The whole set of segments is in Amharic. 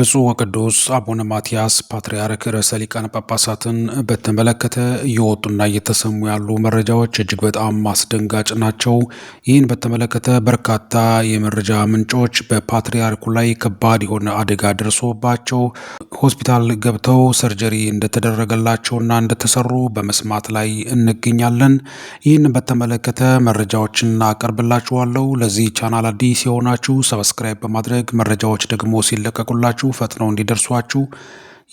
ብፁዕ ወቅዱስ አቡነ ማትያስ ፓትርያርክ ርዕሰ ሊቃነ ጳጳሳትን በተመለከተ እየወጡና እየተሰሙ ያሉ መረጃዎች እጅግ በጣም አስደንጋጭ ናቸው። ይህን በተመለከተ በርካታ የመረጃ ምንጮች በፓትርያርኩ ላይ ከባድ የሆነ አደጋ ደርሶባቸው ሆስፒታል ገብተው ሰርጀሪ እንደተደረገላቸውና እንደተሰሩ በመስማት ላይ እንገኛለን። ይህን በተመለከተ መረጃዎችን አቀርብላችኋለሁ። ለዚህ ቻናል አዲስ የሆናችሁ ሰብስክራይብ በማድረግ መረጃዎች ደግሞ ሲለቀቁላችሁ ካላችሁ ፈጥነው እንዲደርሷችሁ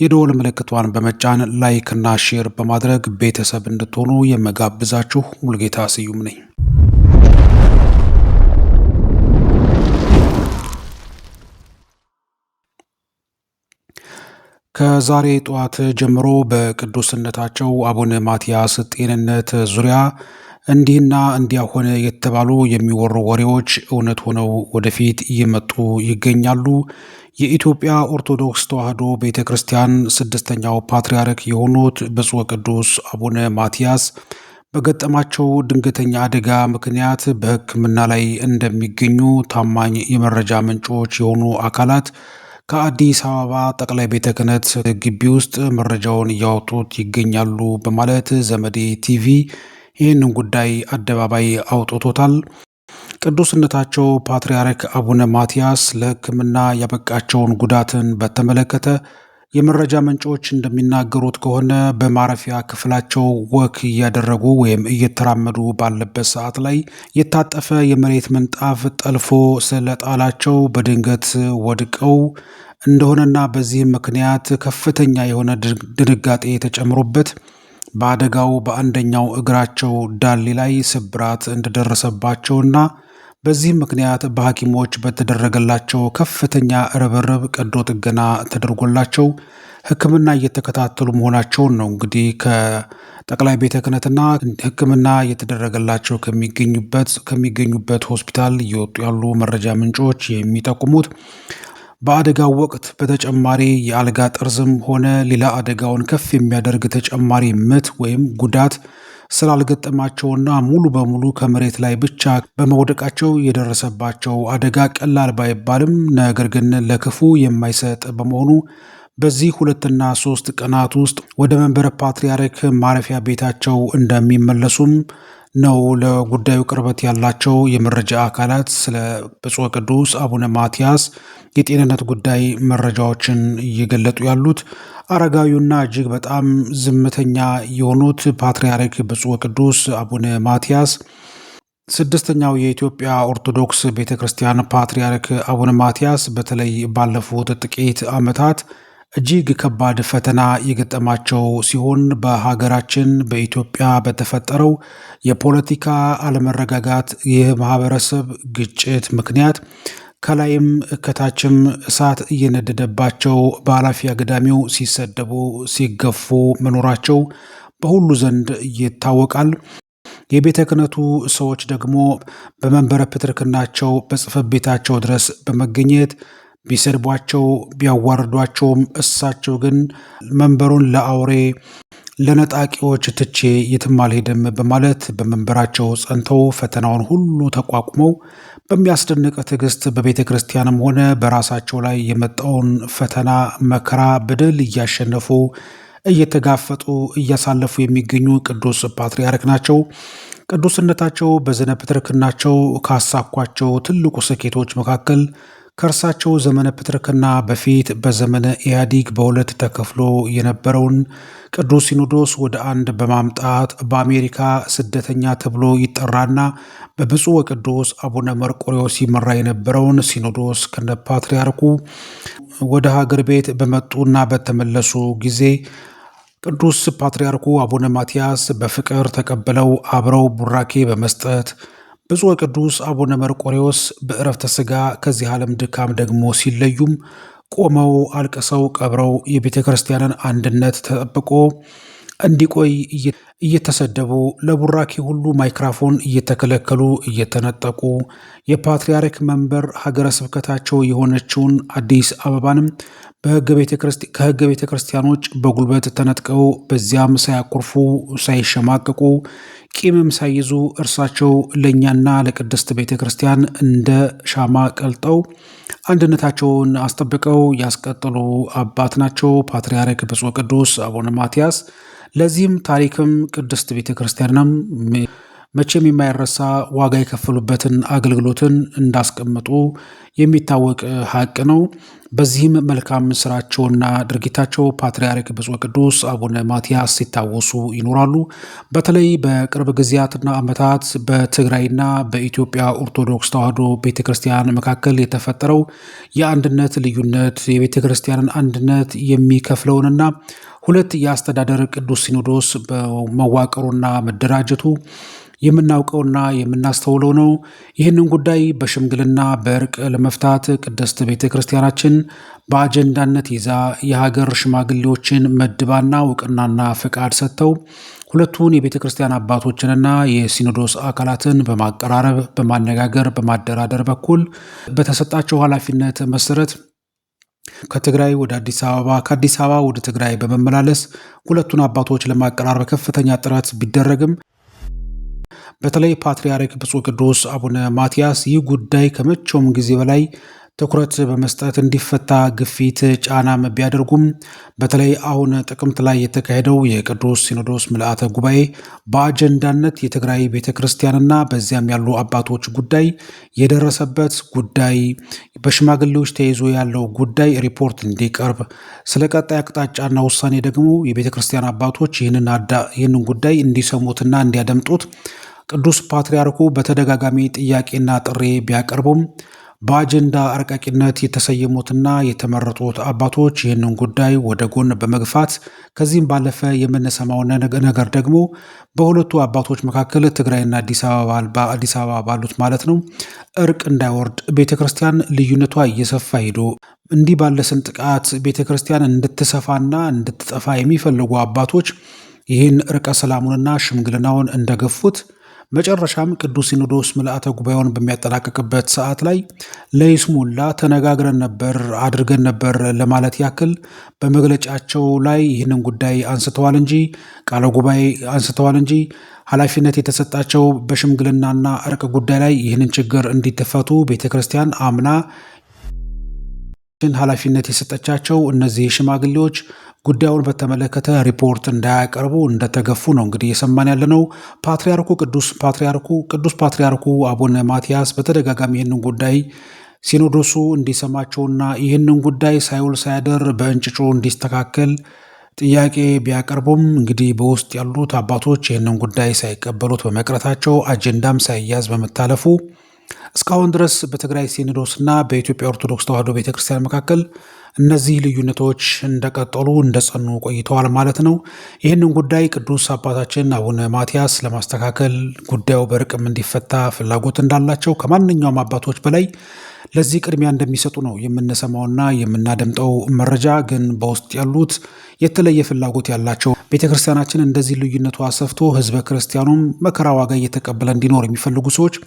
የደወል ምልክቷን በመጫን ላይክ እና ሼር በማድረግ ቤተሰብ እንድትሆኑ የመጋብዛችሁ ሙልጌታ ስዩም ነኝ። ከዛሬ ጠዋት ጀምሮ በቅዱስነታቸው አቡነ ማትያስ ጤንነት ዙሪያ እንዲህና እንዲያ ሆነ የተባሉ የሚወሩ ወሬዎች እውነት ሆነው ወደፊት እየመጡ ይገኛሉ። የኢትዮጵያ ኦርቶዶክስ ተዋሕዶ ቤተ ክርስቲያን ስድስተኛው ፓትርያርክ የሆኑት ብፁዕ ቅዱስ አቡነ ማትያስ በገጠማቸው ድንገተኛ አደጋ ምክንያት በሕክምና ላይ እንደሚገኙ ታማኝ የመረጃ ምንጮች የሆኑ አካላት ከአዲስ አበባ ጠቅላይ ቤተ ክህነት ግቢ ውስጥ መረጃውን እያወጡት ይገኛሉ በማለት ዘመዴ ቲቪ ይህንን ጉዳይ አደባባይ አውጥቶታል። ቅዱስነታቸው ፓትርያርክ አቡነ ማትያስ ለሕክምና ያበቃቸውን ጉዳትን በተመለከተ የመረጃ ምንጮች እንደሚናገሩት ከሆነ በማረፊያ ክፍላቸው ወክ እያደረጉ ወይም እየተራመዱ ባለበት ሰዓት ላይ የታጠፈ የመሬት ምንጣፍ ጠልፎ ስለጣላቸው በድንገት ወድቀው እንደሆነና በዚህም ምክንያት ከፍተኛ የሆነ ድንጋጤ ተጨምሮበት በአደጋው በአንደኛው እግራቸው ዳሌ ላይ ስብራት እንደደረሰባቸውና በዚህም ምክንያት በሐኪሞች በተደረገላቸው ከፍተኛ ርብርብ ቀዶ ጥገና ተደርጎላቸው ሕክምና እየተከታተሉ መሆናቸውን ነው እንግዲህ ከጠቅላይ ቤተ ክህነትና ሕክምና እየተደረገላቸው ከሚገኙበት ከሚገኙበት ሆስፒታል እየወጡ ያሉ መረጃ ምንጮች የሚጠቁሙት። በአደጋው ወቅት በተጨማሪ የአልጋ ጠርዝም ሆነ ሌላ አደጋውን ከፍ የሚያደርግ ተጨማሪ ምት ወይም ጉዳት ስላልገጠማቸውና ሙሉ በሙሉ ከመሬት ላይ ብቻ በመውደቃቸው የደረሰባቸው አደጋ ቀላል ባይባልም ነገር ግን ለክፉ የማይሰጥ በመሆኑ በዚህ ሁለትና ሶስት ቀናት ውስጥ ወደ መንበረ ፓትርያርክ ማረፊያ ቤታቸው እንደሚመለሱም ነው ለጉዳዩ ቅርበት ያላቸው የመረጃ አካላት ስለ ብፁዕ ቅዱስ አቡነ ማትያስ የጤንነት ጉዳይ መረጃዎችን እየገለጡ ያሉት። አረጋዊና እጅግ በጣም ዝምተኛ የሆኑት ፓትርያርክ ብፁዕ ቅዱስ አቡነ ማትያስ ስድስተኛው የኢትዮጵያ ኦርቶዶክስ ቤተ ክርስቲያን ፓትርያርክ አቡነ ማትያስ በተለይ ባለፉት ጥቂት ዓመታት እጅግ ከባድ ፈተና የገጠማቸው ሲሆን በሀገራችን በኢትዮጵያ በተፈጠረው የፖለቲካ አለመረጋጋት የማህበረሰብ ግጭት ምክንያት ከላይም ከታችም እሳት እየነደደባቸው በኃላፊ አግዳሚው ሲሰደቡ፣ ሲገፉ መኖራቸው በሁሉ ዘንድ ይታወቃል። የቤተ ክህነቱ ሰዎች ደግሞ በመንበረ ፕትርክናቸው በጽሕፈት ቤታቸው ድረስ በመገኘት ቢሰድቧቸው ቢያዋርዷቸውም እሳቸው ግን መንበሩን ለአውሬ ለነጣቂዎች ትቼ የትም አልሄድም በማለት በመንበራቸው ጸንተው ፈተናውን ሁሉ ተቋቁመው በሚያስደንቅ ትዕግስት በቤተ ክርስቲያንም ሆነ በራሳቸው ላይ የመጣውን ፈተና፣ መከራ፣ በደል እያሸነፉ እየተጋፈጡ እያሳለፉ የሚገኙ ቅዱስ ፓትርያርክ ናቸው። ቅዱስነታቸው በዘነ ፕትርክናቸው ካሳኳቸው ትልቁ ስኬቶች መካከል ከእርሳቸው ዘመነ ፕትርክና በፊት በዘመነ ኢህአዲግ በሁለት ተከፍሎ የነበረውን ቅዱስ ሲኖዶስ ወደ አንድ በማምጣት በአሜሪካ ስደተኛ ተብሎ ይጠራና በብፁዕ ወቅዱስ አቡነ መርቆሬዎስ ይመራ የነበረውን ሲኖዶስ ከነ ፓትርያርኩ ወደ ሀገር ቤት በመጡና በተመለሱ ጊዜ ቅዱስ ፓትርያርኩ አቡነ ማትያስ በፍቅር ተቀብለው አብረው ቡራኬ በመስጠት ብፁዕ ቅዱስ አቡነ መርቆሬዎስ በእረፍተ ሥጋ ከዚህ ዓለም ድካም ደግሞ ሲለዩም ቆመው አልቅሰው ቀብረው የቤተ ክርስቲያንን አንድነት ተጠብቆ እንዲቆይ እየተሰደቡ ለቡራኪ ሁሉ ማይክራፎን እየተከለከሉ እየተነጠቁ የፓትርያርክ መንበር ሀገረ ስብከታቸው የሆነችውን አዲስ አበባንም ከህገ ቤተ ክርስቲያኖች በጉልበት ተነጥቀው በዚያም ሳያኮርፉ ሳይሸማቀቁ ቂምም ሳይዙ እርሳቸው ለእኛና ለቅድስት ቤተ ክርስቲያን እንደ ሻማ ቀልጠው አንድነታቸውን አስጠብቀው ያስቀጥሉ አባት ናቸው ፓትርያርክ ብፁዕ ቅዱስ አቡነ ማትያስ። ለዚህም ታሪክም ቅድስት ቤተ ክርስቲያንናም መቼም የማይረሳ ዋጋ የከፈሉበትን አገልግሎትን እንዳስቀመጡ የሚታወቅ ሀቅ ነው። በዚህም መልካም ስራቸውና ድርጊታቸው ፓትርያርክ ብፁዕ ቅዱስ አቡነ ማትያስ ሲታወሱ ይኖራሉ። በተለይ በቅርብ ጊዜያትና ዓመታት በትግራይና በኢትዮጵያ ኦርቶዶክስ ተዋሕዶ ቤተ ክርስቲያን መካከል የተፈጠረው የአንድነት ልዩነት የቤተ ክርስቲያንን አንድነት የሚከፍለውንና ሁለት የአስተዳደር ቅዱስ ሲኖዶስ በመዋቀሩና መደራጀቱ የምናውቀውና የምናስተውለው ነው። ይህንን ጉዳይ በሽምግልና በእርቅ ለመፍታት ቅድስት ቤተ ክርስቲያናችን በአጀንዳነት ይዛ የሀገር ሽማግሌዎችን መድባና እውቅናና ፍቃድ ሰጥተው ሁለቱን የቤተ ክርስቲያን አባቶችንና የሲኖዶስ አካላትን በማቀራረብ በማነጋገር በማደራደር በኩል በተሰጣቸው ኃላፊነት መሰረት ከትግራይ ወደ አዲስ አበባ፣ ከአዲስ አበባ ወደ ትግራይ በመመላለስ ሁለቱን አባቶች ለማቀራረብ ከፍተኛ ጥረት ቢደረግም በተለይ ፓትርያርክ ብፁዕ ቅዱስ አቡነ ማትያስ ይህ ጉዳይ ከመቼውም ጊዜ በላይ ትኩረት በመስጠት እንዲፈታ ግፊት ጫናም ቢያደርጉም በተለይ አሁን ጥቅምት ላይ የተካሄደው የቅዱስ ሲኖዶስ ምልአተ ጉባኤ በአጀንዳነት የትግራይ ቤተ ክርስቲያንና በዚያም ያሉ አባቶች ጉዳይ የደረሰበት ጉዳይ በሽማግሌዎች ተይዞ ያለው ጉዳይ ሪፖርት እንዲቀርብ፣ ስለ ቀጣይ አቅጣጫና ውሳኔ ደግሞ የቤተ ክርስቲያን አባቶች ይህንን ጉዳይ እንዲሰሙትና እንዲያደምጡት ቅዱስ ፓትርያርኩ በተደጋጋሚ ጥያቄና ጥሪ ቢያቀርቡም በአጀንዳ አርቃቂነት የተሰየሙትና የተመረጡት አባቶች ይህንን ጉዳይ ወደ ጎን በመግፋት ከዚህም ባለፈ የምንሰማው ነገር ደግሞ በሁለቱ አባቶች መካከል ትግራይና አዲስ አበባ ባሉት ማለት ነው እርቅ እንዳይወርድ ቤተ ክርስቲያን ልዩነቷ እየሰፋ ሄዶ እንዲህ ባለ ስንጥቃት ቤተ ክርስቲያን እንድትሰፋና እንድትጠፋ የሚፈልጉ አባቶች ይህን እርቀ ሰላሙንና ሽምግልናውን እንደገፉት መጨረሻም ቅዱስ ሲኖዶስ ምልአተ ጉባኤውን በሚያጠናቅቅበት ሰዓት ላይ ለይስሙላ ተነጋግረን ነበር አድርገን ነበር ለማለት ያክል በመግለጫቸው ላይ ይህንን ጉዳይ አንስተዋል እንጂ ቃለ ጉባኤ አንስተዋል እንጂ ኃላፊነት የተሰጣቸው በሽምግልናና እርቅ ጉዳይ ላይ ይህንን ችግር እንዲትፈቱ ቤተ ክርስቲያን አምና ኃላፊነት የሰጠቻቸው እነዚህ ሽማግሌዎች ጉዳዩን በተመለከተ ሪፖርት እንዳያቀርቡ እንደተገፉ ነው እንግዲህ እየሰማን ያለ ነው። ፓትርያርኩ ቅዱስ ፓትርያርኩ ቅዱስ ፓትርያርኩ አቡነ ማትያስ በተደጋጋሚ ይህንን ጉዳይ ሲኖዶሱ እንዲሰማቸውና ይህንን ጉዳይ ሳይውል ሳያደር በእንጭጩ እንዲስተካከል ጥያቄ ቢያቀርቡም እንግዲህ በውስጥ ያሉት አባቶች ይህንን ጉዳይ ሳይቀበሉት በመቅረታቸው አጀንዳም ሳይያዝ በመታለፉ እስካሁን ድረስ በትግራይ ሲኖዶስና በኢትዮጵያ ኦርቶዶክስ ተዋህዶ ቤተክርስቲያን መካከል እነዚህ ልዩነቶች እንደቀጠሉ እንደጸኑ ቆይተዋል ማለት ነው። ይህንን ጉዳይ ቅዱስ አባታችን አቡነ ማትያስ ለማስተካከል ጉዳዩ በእርቅም እንዲፈታ ፍላጎት እንዳላቸው ከማንኛውም አባቶች በላይ ለዚህ ቅድሚያ እንደሚሰጡ ነው የምንሰማውና የምናደምጠው መረጃ። ግን በውስጥ ያሉት የተለየ ፍላጎት ያላቸው ቤተክርስቲያናችን እንደዚህ ልዩነቱ አሰፍቶ ህዝበ ክርስቲያኑም መከራ ዋጋ እየተቀበለ እንዲኖር የሚፈልጉ ሰዎች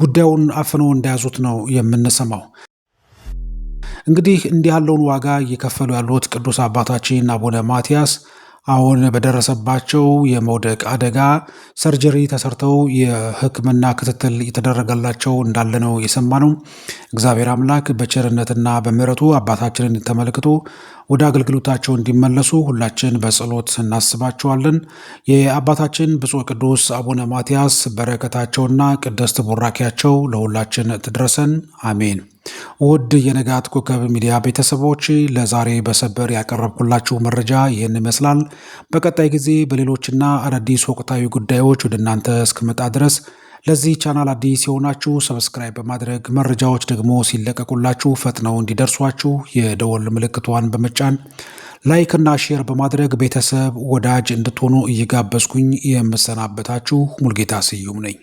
ጉዳዩን አፍነው እንደያዙት ነው የምንሰማው። እንግዲህ እንዲህ ያለውን ዋጋ እየከፈሉ ያሉት ቅዱስ አባታችን አቡነ ማትያስ አሁን በደረሰባቸው የመውደቅ አደጋ ሰርጀሪ ተሰርተው የሕክምና ክትትል እየተደረገላቸው እንዳለ ነው የሰማነው። እግዚአብሔር አምላክ በቸርነትና በምሕረቱ አባታችንን ተመልክቶ ወደ አገልግሎታቸው እንዲመለሱ ሁላችን በጸሎት እናስባቸዋለን። የአባታችን ብፁዕ ቅዱስ አቡነ ማትያስ በረከታቸውና ቅድስት ቡራኪያቸው ለሁላችን ትድረሰን፣ አሜን። ውድ የንጋት ኮከብ ሚዲያ ቤተሰቦች ለዛሬ በሰበር ያቀረብኩላችሁ መረጃ ይህን ይመስላል። በቀጣይ ጊዜ በሌሎችና አዳዲስ ወቅታዊ ጉዳዮች ወደ እናንተ እስክመጣ ድረስ ለዚህ ቻናል አዲስ የሆናችሁ ሰብስክራይብ በማድረግ መረጃዎች ደግሞ ሲለቀቁላችሁ ፈጥነው እንዲደርሷችሁ የደወል ምልክቷን በመጫን እና ሼር በማድረግ ቤተሰብ ወዳጅ እንድትሆኑ እየጋበዝኩኝ የምሰናበታችሁ ሙልጌታ ስዩም ነኝ።